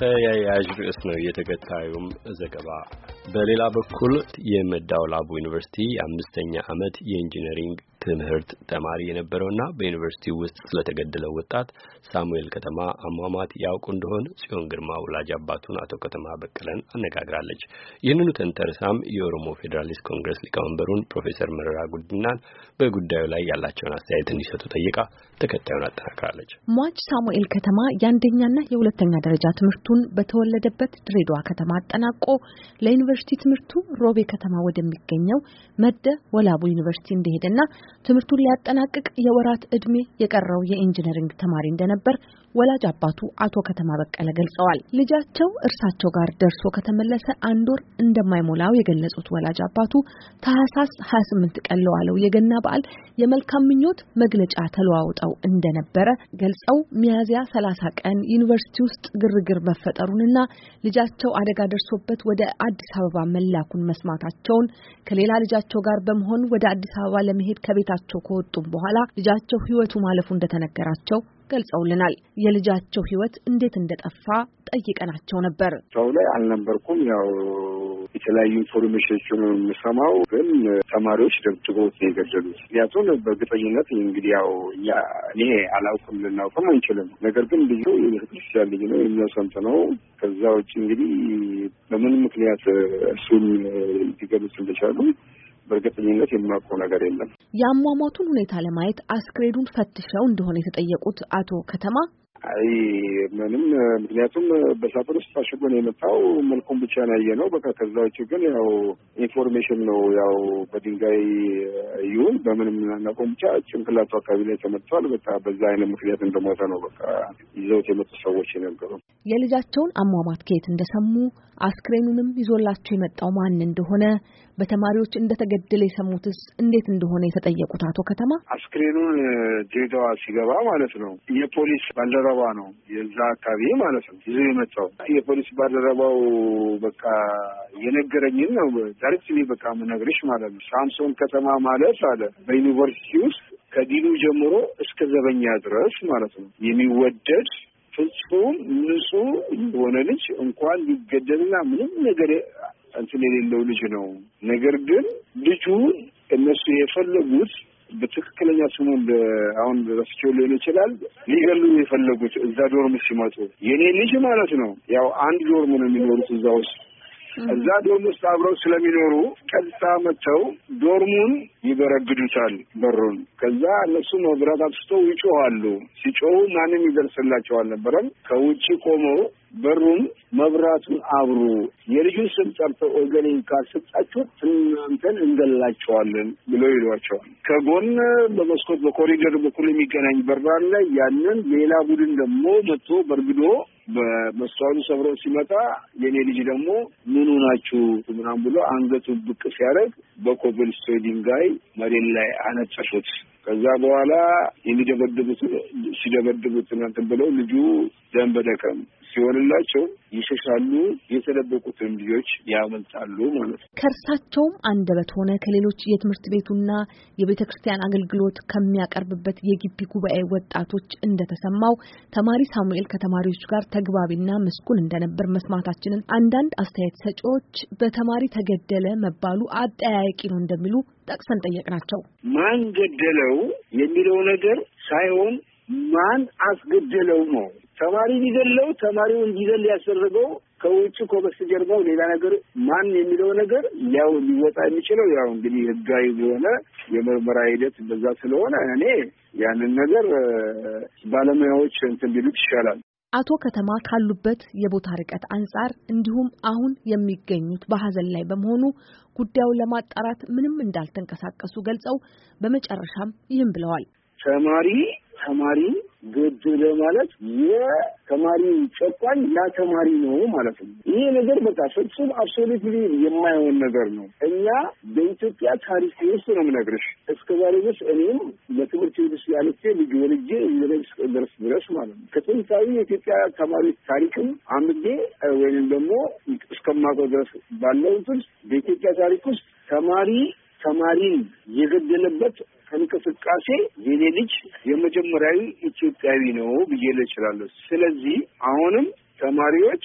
ተያያዥ ርዕስ ነው የተከታዩም ዘገባ። በሌላ በኩል የመዳውላቡ ዩኒቨርሲቲ የአምስተኛ ዓመት የኢንጂነሪንግ ትምህርት ተማሪ የነበረውና በዩኒቨርሲቲ ውስጥ ስለተገደለው ወጣት ሳሙኤል ከተማ አሟሟት ያውቁ እንደሆን ጽዮን ግርማ ወላጅ አባቱን አቶ ከተማ በቀለን አነጋግራለች። ይህንኑ ተንተርሳም የኦሮሞ ፌዴራሊስት ኮንግረስ ሊቀመንበሩን ፕሮፌሰር መረራ ጉዲናን በጉዳዩ ላይ ያላቸውን አስተያየት እንዲሰጡ ጠይቃ ተከታዩን አጠናክራለች። ሟች ሳሙኤል ከተማ የአንደኛና የሁለተኛ ደረጃ ትምህርቱን በተወለደበት ድሬዳዋ ከተማ አጠናቆ ለዩኒቨርሲቲ ትምህርቱ ሮቤ ከተማ ወደሚገኘው መደ ወላቡ ዩኒቨርሲቲ እንደሄደና ትምህርቱን ሊያጠናቅቅ የወራት ዕድሜ የቀረው የኢንጂነሪንግ ተማሪ እንደነበር ወላጅ አባቱ አቶ ከተማ በቀለ ገልጸዋል። ልጃቸው እርሳቸው ጋር ደርሶ ከተመለሰ አንድ ወር እንደማይሞላው የገለጹት ወላጅ አባቱ ታህሳስ 28 ቀን ለዋለው የገና በዓል የመልካም ምኞት መግለጫ ተለዋውጠው እንደነበረ ገልጸው ሚያዝያ 30 ቀን ዩኒቨርሲቲ ውስጥ ግርግር መፈጠሩንና ልጃቸው አደጋ ደርሶበት ወደ አዲስ አበባ መላኩን መስማታቸውን ከሌላ ልጃቸው ጋር በመሆን ወደ አዲስ አበባ ለመሄድ ከቤታቸው ከወጡም በኋላ ልጃቸው ሕይወቱ ማለፉ እንደተነገራቸው ገልጸውልናል። የልጃቸው ህይወት እንዴት እንደጠፋ ጠይቀናቸው ነበር። ሰው ላይ አልነበርኩም። ያው የተለያዩ ኢንፎርሜሽኖችን የምሰማው፣ ግን ተማሪዎች ደብድበውት ነው የገደሉት። ምክንያቱም በእርግጠኝነት እንግዲህ ያው እኔ አላውቅም፣ ልናውቅም አንችልም። ነገር ግን ልዩ ቤተክርስቲያን ልጅ ነው የሚያሰምት ነው። ከዛ ውጭ እንግዲህ በምን ምክንያት እሱን ሊገሉት እንደቻሉ በእርግጠኝነት የማውቀው ነገር የለም። የአሟሟቱን ሁኔታ ለማየት አስክሬዱን ፈትሸው እንደሆነ የተጠየቁት አቶ ከተማ አይ ምንም ምክንያቱም በሳጥን ውስጥ ታሽጎን የመጣው። መልኩም ብቻ ነው ያየ ነው በቃ። ከዛ ውጭ ግን ያው ኢንፎርሜሽን ነው ያው በድንጋይ ይሁን በምንም ናቆም ብቻ ጭንቅላቱ አካባቢ ላይ ተመጥቷል። በቃ በዛ አይነት ምክንያት እንደሞተ ነው በቃ ይዘውት የመጡ ሰዎች የነገሩ። የልጃቸውን አሟሟት ከየት እንደሰሙ አስክሬኑንም ይዞላቸው የመጣው ማን እንደሆነ በተማሪዎች እንደተገደለ የሰሙትስ እንዴት እንደሆነ የተጠየቁት አቶ ከተማ አስክሬኑን ድሬዳዋ ሲገባ ማለት ነው የፖሊስ ባለ ባልደረባ ነው የዛ አካባቢ ማለት ነው ይዞ የመጣው የፖሊስ ባልደረባው በቃ የነገረኝን ነው ዳይሬክትሊ በቃ ምነግርሽ ማለት ነው። ሳምሶን ከተማ ማለት አለ በዩኒቨርሲቲ ውስጥ ከዲኑ ጀምሮ እስከ ዘበኛ ድረስ ማለት ነው የሚወደድ ፍጹም ንጹህ የሆነ ልጅ እንኳን ሊገደልና ምንም ነገር እንትን የሌለው ልጅ ነው። ነገር ግን ልጁ እነሱ የፈለጉት በትክክለኛ ስሙ አሁን ረስቼው ሊሆን ይችላል። ሊገሉ የፈለጉት እዛ ዶርም ሲመጡ የኔ ልጅ ማለት ነው። ያው አንድ ዶርም ነው የሚኖሩት እዛ ውስጥ እዛ ዶርም ውስጥ አብረው ስለሚኖሩ ቀጥታ መጥተው ዶርሙን ይበረግዱታል በሩን። ከዛ እነሱ መብራት አብስቶ ይጮኋሉ። ሲጮሁ ማንም ይደርስላቸው አልነበረም። ከውጭ ቆመው በሩን መብራቱን አብሩ፣ የልጁን ስም ጠርተው ወገኔ ካልሰጣችሁ እናንተን እንገላቸዋለን ብለው ይሏቸዋል። ከጎን በመስኮት በኮሪደር በኩል የሚገናኝ በር አለ። ያንን ሌላ ቡድን ደግሞ መጥቶ በርግዶ በመስተዋሉ ሰብሮ ሲመጣ የእኔ ልጅ ደግሞ ምኑ ናችሁ ምናም ብሎ አንገቱ ብቅ ሲያደርግ በኮብልስቶ ድንጋይ መሬት ላይ አነጠፉት። ከዛ በኋላ የሚደበድቡት ሲደበድቡት እንትን ብለው ልጁ ደም በደቀም ሲሆንላቸው ይሸሻሉ፣ የተደበቁትን ልጆች ያመልጣሉ ማለት ነው። ከእርሳቸውም አንደበት ሆነ ከሌሎች የትምህርት ቤቱና የቤተ ክርስቲያን አገልግሎት ከሚያቀርብበት የግቢ ጉባኤ ወጣቶች እንደተሰማው ተማሪ ሳሙኤል ከተማሪዎች ጋር ተግባቢና ምስጉን እንደነበር መስማታችንን አንዳንድ አስተያየት ሰጪዎች በተማሪ ተገደለ መባሉ አጠያያቂ ነው እንደሚሉ ጠቅሰን ጠየቅናቸው። ማን ገደለው የሚለው ነገር ሳይሆን ማን አስገደለው ነው። ተማሪ ቢዘለው ተማሪው እንዲገል ያስደረገው ከውጭ ከበስተጀርባው ሌላ ነገር ማን የሚለው ነገር ያው ሊወጣ የሚችለው ያው እንግዲህ ህጋዊ የሆነ የምርመራ ሂደት በዛ ስለሆነ እኔ ያንን ነገር ባለሙያዎች እንትን ቢሉት ይሻላል። አቶ ከተማ ካሉበት የቦታ ርቀት አንጻር እንዲሁም አሁን የሚገኙት በሀዘን ላይ በመሆኑ ጉዳዩ ለማጣራት ምንም እንዳልተንቀሳቀሱ ገልጸው በመጨረሻም ይህም ብለዋል። ተማሪ ተማሪ ግድ ለማለት የተማሪው ጨቋኝ ያ ተማሪ ነው ማለት ነው። ይሄ ነገር በቃ ፍጹም አብሶሉትሊ የማይሆን ነገር ነው። እኛ በኢትዮጵያ ታሪክ ውስጥ ነው የምነግርሽ እስከ ዛሬ ድረስ እኔም ለትምህርት ቤት ውስጥ ያለቼ ልጅ ወልጄ ደርስ ድረስ ማለት ነው ከጥንታዊ የኢትዮጵያ ተማሪዎች ታሪክም አምጌ ወይም ደግሞ እስከማውቀው ድረስ ባለው እንትን በኢትዮጵያ ታሪክ ውስጥ ተማሪ ተማሪን የገደለበት እንቅስቃሴ የኔ ልጅ የመጀመሪያዊ ኢትዮጵያዊ ነው ብዬ እችላለሁ። ስለዚህ አሁንም ተማሪዎች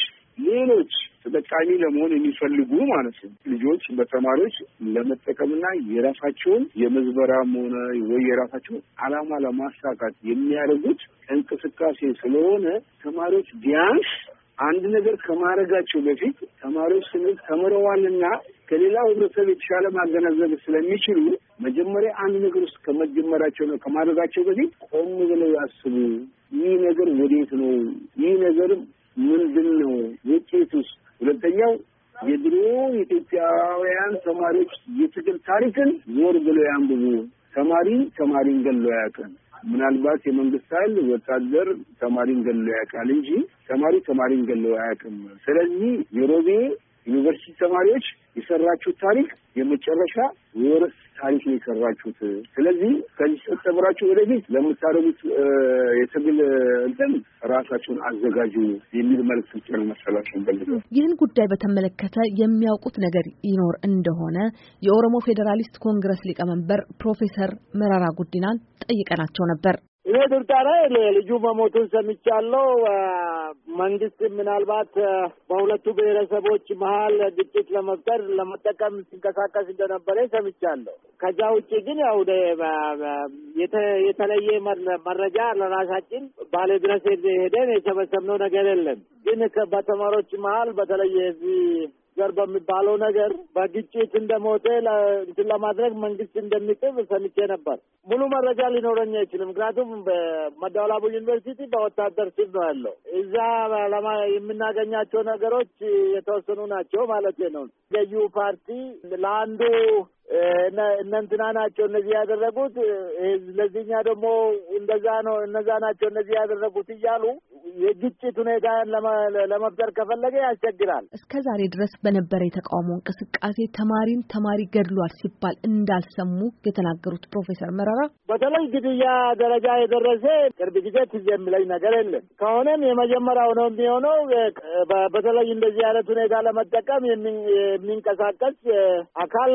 ሌሎች ተጠቃሚ ለመሆን የሚፈልጉ ማለት ነው ልጆች በተማሪዎች ለመጠቀምና የራሳቸውን የመዝበራም ሆነ ወይ የራሳቸውን ዓላማ ለማሳካት የሚያደርጉት እንቅስቃሴ ስለሆነ ተማሪዎች ቢያንስ አንድ ነገር ከማድረጋቸው በፊት ተማሪዎች ስንል ተምረዋልና ከሌላው ህብረተሰብ የተሻለ ማገናዘብ ስለሚችሉ መጀመሪያ አንድ ነገር ውስጥ ከመጀመራቸው ነው ከማድረጋቸው በፊት ቆም ብለው ያስቡ። ይህ ነገር ወዴት ነው? ይህ ነገር ምንድን ነው ውስጥ ሁለተኛው የድሮ ኢትዮጵያውያን ተማሪዎች የትግል ታሪክን ዞር ብለው ያንብቡ። ተማሪ ተማሪን ገሎ ያውቅም። ምናልባት የመንግስት ኃይል ወታደር ተማሪን ገሎ ያውቃል እንጂ ተማሪ ተማሪን ገሎ አያውቅም። ስለዚህ የሮቤ ዩኒቨርሲቲ ተማሪዎች የሰራችሁት ታሪክ የመጨረሻ ወርስ ታሪክ ነው የሰራችሁት። ስለዚህ ከዚህ ተጠብራችሁ ወደፊት ለምታደርጉት የትግል እንትን ራሳችሁን አዘጋጁ የሚል መልዕክት ጭር ነው መሰላችሁ ይህን ጉዳይ በተመለከተ የሚያውቁት ነገር ይኖር እንደሆነ የኦሮሞ ፌዴራሊስት ኮንግረስ ሊቀመንበር ፕሮፌሰር መረራ ጉዲናን ጠይቀናቸው ነበር። ይሄ ድርጣራ ልጁ መሞቱን ሰምቻለሁ። መንግስት ምናልባት በሁለቱ ብሔረሰቦች መሀል ግጭት ለመፍጠር ለመጠቀም ሲንቀሳቀስ እንደነበረ ሰምቻለሁ። ከዛ ውጭ ግን ያው የተለየ መረጃ ለራሳችን ባለ ድረስ ሄደን የሰበሰብነው ነገር የለም። ግን በተማሪዎች መሀል በተለየ እዚህ ዘር በሚባለው ነገር በግጭት እንደሞተ እንትን ለማድረግ መንግስት እንደሚጥብ ሰምቼ ነበር። ሙሉ መረጃ ሊኖረኝ አይችልም። ምክንያቱም በመደወላቡ ዩኒቨርሲቲ በወታደር ስር ነው ያለው። እዛ ለማ የምናገኛቸው ነገሮች የተወሰኑ ናቸው ማለት ነው። ገዢው ፓርቲ ለአንዱ እነንትና ናቸው እነዚህ ያደረጉት፣ ለዚህኛ ደግሞ እንደዛ ነው እነዛ ናቸው እነዚህ ያደረጉት እያሉ የግጭት ሁኔታን ለመፍጠር ከፈለገ ያስቸግራል። እስከ ዛሬ ድረስ በነበረ የተቃውሞ እንቅስቃሴ ተማሪን ተማሪ ገድሏል ሲባል እንዳልሰሙ የተናገሩት ፕሮፌሰር መረራ በተለይ ግድያ ደረጃ የደረሰ ቅርብ ጊዜ ትዝ የሚለኝ ነገር የለም። ከሆነም የመጀመሪያው ነው የሚሆነው። በተለይ እንደዚህ አይነት ሁኔታ ለመጠቀም የሚንቀሳቀስ አካል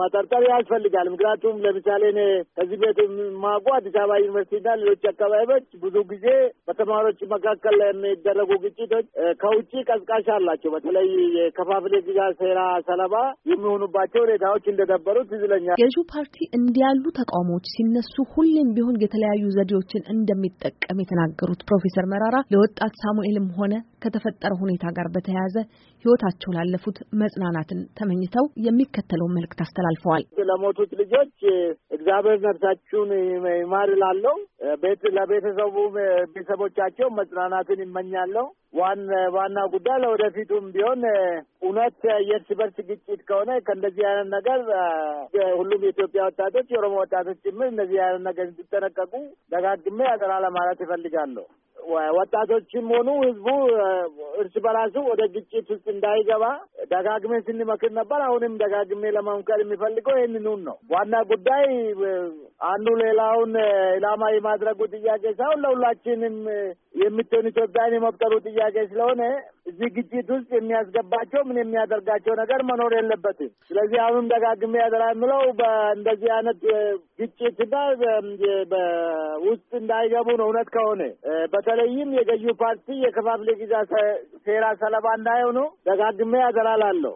መጠርጠር ያስፈልጋል። ምክንያቱም ለምሳሌ እኔ ከዚህ ቤት ማቁ አዲስ አበባ ዩኒቨርሲቲና ሌሎች አካባቢዎች ብዙ ጊዜ በተማሪዎች መካከል የሚደረጉ ግጭቶች ከውጭ ቀዝቃሽ አላቸው። በተለይ የከፋፍሌ ግዛ ሴራ ሰለባ የሚሆኑባቸው ሁኔታዎች እንደነበሩ ትዝ ይለኛል። ገዢው ፓርቲ እንዲያሉ ተቃውሞዎች ሲነሱ ሁሌም ቢሆን የተለያዩ ዘዴዎችን እንደሚጠቀም የተናገሩት ፕሮፌሰር መራራ ለወጣት ሳሙኤልም ሆነ ከተፈጠረ ሁኔታ ጋር በተያያዘ ህይወታቸው ላለፉት መጽናናትን ተመኝተው የሚከተለውን መልእክት አስተላልፈዋል። ለሞቱት ልጆች እግዚአብሔር ነፍሳችሁን ይማር ላለው ቤት ለቤተሰቡ ቤተሰቦቻቸው መጽናናትን ይመኛለሁ። ዋን ዋና ጉዳይ ለወደፊቱም ቢሆን እውነት የእርስ በርስ ግጭት ከሆነ ከእንደዚህ አይነት ነገር ሁሉም የኢትዮጵያ ወጣቶች፣ የኦሮሞ ወጣቶች ጭምር እንደዚህ አይነት ነገር እንዲጠነቀቁ ደጋግሜ አጠራ ለማለት ይፈልጋለሁ። ወጣቶችም ሆኑ ህዝቡ እርስ በራሱ ወደ ግጭት ውስጥ እንዳይገባ ደጋግሜ ስንመክር ነበር። አሁንም ደጋግሜ ለመምከር የሚፈልገው ይህንኑን ነው። ዋና ጉዳይ አንዱ ሌላውን ኢላማ የማድረጉ ጥያቄ ሳይሆን ለሁላችንም የምትሆን ኢትዮጵያን የመፍጠሩ ጥያቄ ስለሆነ እዚህ ግጭት ውስጥ የሚያስገባቸው ምን የሚያደርጋቸው ነገር መኖር የለበትም። ስለዚህ አሁንም ደጋግሜ ያደራ የምለው በእንደዚህ አይነት ግጭትና በውስጥ እንዳይገቡ ነው። እውነት ከሆነ በተለይም የገዢው ፓርቲ የከፋፍሌ ጊዜ ሴራ ሰለባ እንዳይሆኑ ደጋግሜ ያደራላለሁ።